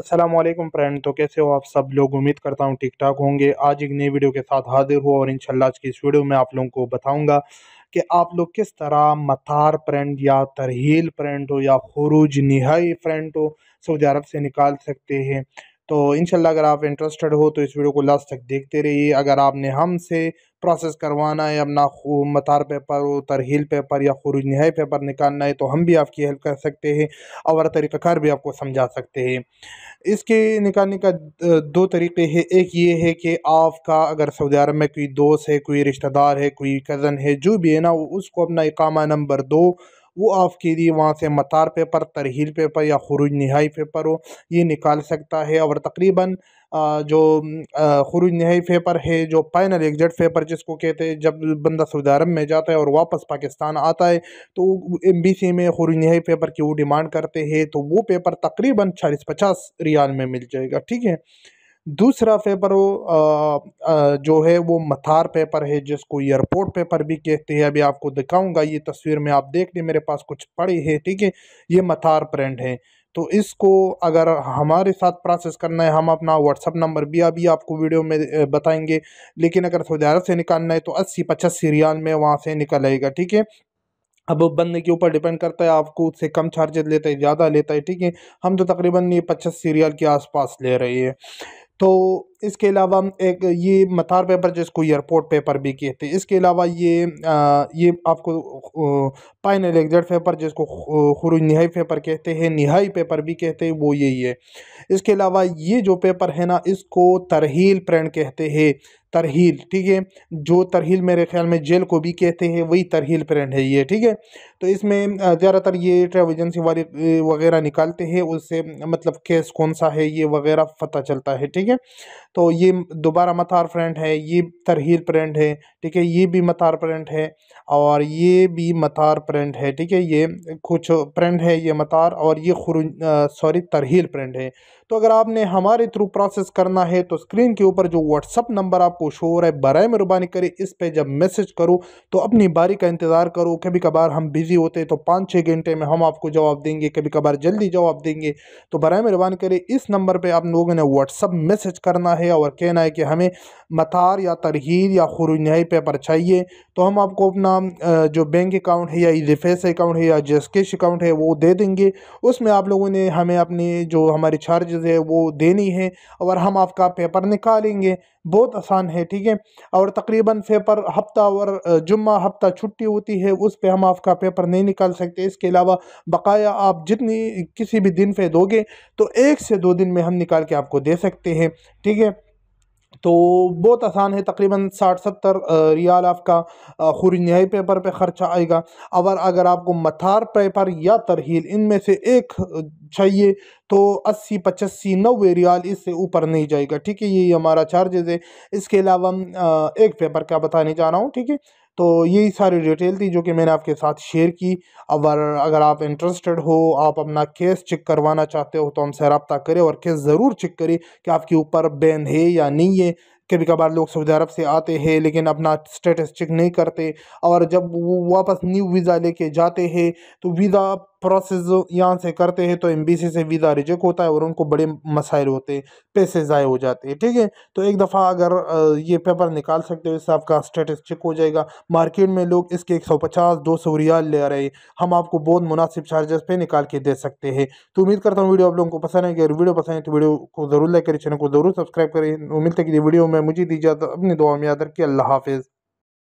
Aslam friend तो कैसे हो आप सब लोग उम्मीद करता हूँ ठीक ठाक होंगे आज एक नई वीडियो के साथ हाजिर हुआ और इंशाल्लाह आज की इस वीडियो में आप लोगों को बताऊंगा कि आप लोग किस तरह मतार प्रिंट या तरहील प्रिंट हो या खरूज नहाई प्रिंट हो सऊदी अरब से निकाल सकते हैं तो इन अगर आप इंटरेस्टेड हो तो इस वीडियो को लास्ट तक देखते रहिए अगर आपने हमसे प्रोसेस करवाना है अपना मतार पेपर तरहील पेपर या खुरुज नहाई पेपर निकालना है तो हम भी आपकी हेल्प कर सकते हैं और तरीक़ाकार भी आपको समझा सकते हैं इसके निकालने का दो तरीके हैं एक ये है कि आपका अगर सऊदी अरब में कोई दोस्त है कोई रिश्तेदार है कोई कज़न है जो भी है ना उसको अपना इकामा नंबर दो वो के लिए वहाँ से मतार पेपर तरहील पेपर या खुरुज नहाई पेपर हो ये निकाल सकता है और तकरीबन जो खुरुज नहाई पेपर है जो फाइनल एग्जिट पेपर जिसको कहते हैं जब बंदा सऊदी अरब में जाता है और वापस पाकिस्तान आता है तो एम बी सी में खुरुज नहाई पेपर की वो डिमांड करते हैं तो वो पेपर तकरीबन चालीस पचास रियाल में मिल जाएगा ठीक है दूसरा पेपर वो जो है वो मथार पेपर है जिसको एयरपोर्ट पेपर भी कहते हैं अभी आपको दिखाऊंगा ये तस्वीर में आप देख लें मेरे पास कुछ पड़ी है ठीक है ये मथार प्रिंट है तो इसको अगर हमारे साथ प्रोसेस करना है हम अपना व्हाट्सअप नंबर भी अभी आपको वीडियो में बताएंगे लेकिन अगर सऊदी अरब से निकालना है तो अस्सी पचासी रियाल में वहाँ से निकल आएगा ठीक है अब बंदे के ऊपर डिपेंड करता है आपको उससे कम चार्जेस लेता है ज़्यादा लेता है ठीक है हम तो तकरीबन ये पचास सीरियल के आसपास ले रहे हैं तो इसके अलावा एक ये मथार पेपर जिसको एयरपोर्ट पेपर भी कहते हैं इसके अलावा ये आ, ये आपको पाइन एलेक्जेड पेपर जिसको खुरु नहाई पेपर कहते हैं नहाई पेपर भी कहते हैं वो यही है इसके अलावा ये जो पेपर है ना इसको तरहील प्रिंट कहते हैं तरहील ठीक है जो तरहील मेरे ख्याल में जेल को भी कहते हैं वही तरहील प्रिंट है ये ठीक है तो इसमें ज़्यादातर ये ट्रैवल एजेंसी वाले वगैरह निकालते हैं उससे मतलब केस कौन सा है ये वगैरह पता चलता है ठीक है तो ये दोबारा मथार प्रिंट है ये तरहील प्रिंट है ठीक है ये भी मथार प्रिंट है और ये भी मथार प्रिंट है ठीक है ये कुछ प्रिंट है ये मथार और ये खुरुज सॉरी तरहील प्रिंट है तो अगर आपने हमारे थ्रू प्रोसेस करना है तो स्क्रीन के ऊपर जो व्हाट्सअप नंबर आपको शो हो रहा है बर मेहरबानी करें इस पर जब मैसेज करो तो अपनी बारी का इंतज़ार करो कभी कभार हम बिज़ी होते हैं तो पाँच छः घंटे में हम आपको जवाब देंगे कभी कभार जल्दी जवाब देंगे तो बर मेहरबानी करें इस नंबर पर आप लोगों ने व्हाट्सअप मैसेज करना है है और कहना है कि हमें मतार या तरहीर या खरूज पेपर चाहिए तो हम आपको अपना जो बैंक अकाउंट है या इजफेस अकाउंट है या जस्किश अकाउंट है वो दे देंगे उसमें आप लोगों ने हमें अपने जो हमारे चार्जेज़ है वो देनी है और हम आपका पेपर निकालेंगे बहुत आसान है ठीक है और तकरीबन पेपर हफ्ता और जुम्मा हफ्ता छुट्टी होती है उस पर हम आपका पेपर नहीं निकाल सकते इसके अलावा बकाया आप जितनी किसी भी दिन पे दोगे तो एक से दो दिन में हम निकाल के आपको दे सकते हैं ठीक है तो बहुत आसान है तकरीबन साठ सत्तर रियाल आपका खुरी नहाई पेपर पे ख़र्चा आएगा और अगर आपको मथार पेपर या तरहील इनमें से एक चाहिए तो अस्सी पचासी नब्बे रियाल इससे ऊपर नहीं जाएगा ठीक है यही हमारा चार्जेज़ है इसके अलावा एक पेपर का बताने जा रहा हूँ ठीक है तो यही सारी डिटेल थी जो कि मैंने आपके साथ शेयर की अब अगर आप इंटरेस्टेड हो आप अपना केस चेक करवाना चाहते हो तो हमसे रबता करें और केस ज़रूर चेक करें कि आपके ऊपर बैन है या नहीं है कभी कभार लोग सऊदी अरब से आते हैं लेकिन अपना स्टेटस चेक नहीं करते और जब वो वापस न्यू वीज़ा लेके जाते हैं तो वीज़ा प्रोसेस यहाँ से करते हैं तो एम से वीज़ा रिजेक्ट होता है और उनको बड़े मसाइल होते हैं पैसे ज़ाय हो जाते हैं ठीक है तो एक दफ़ा अगर ये पेपर निकाल सकते हो इससे आपका स्टेटस चेक हो जाएगा मार्केट में लोग इसके एक सौ पचास दो सौ रियाल ले रहे हम आपको बहुत मुनासिब चार्जेस पे निकाल के दे सकते हैं तो उम्मीद करता हूँ वीडियो आप लोगों को पसंद है अगर वीडियो पसंद है तो वीडियो को ज़रूर लाइक करें चैनल को ज़रूर सब्सक्राइब करें उम्मीद है कि वीडियो में मुझे दीजिए अपनी दुआ में याद रखिए अल्लाह हाफिज़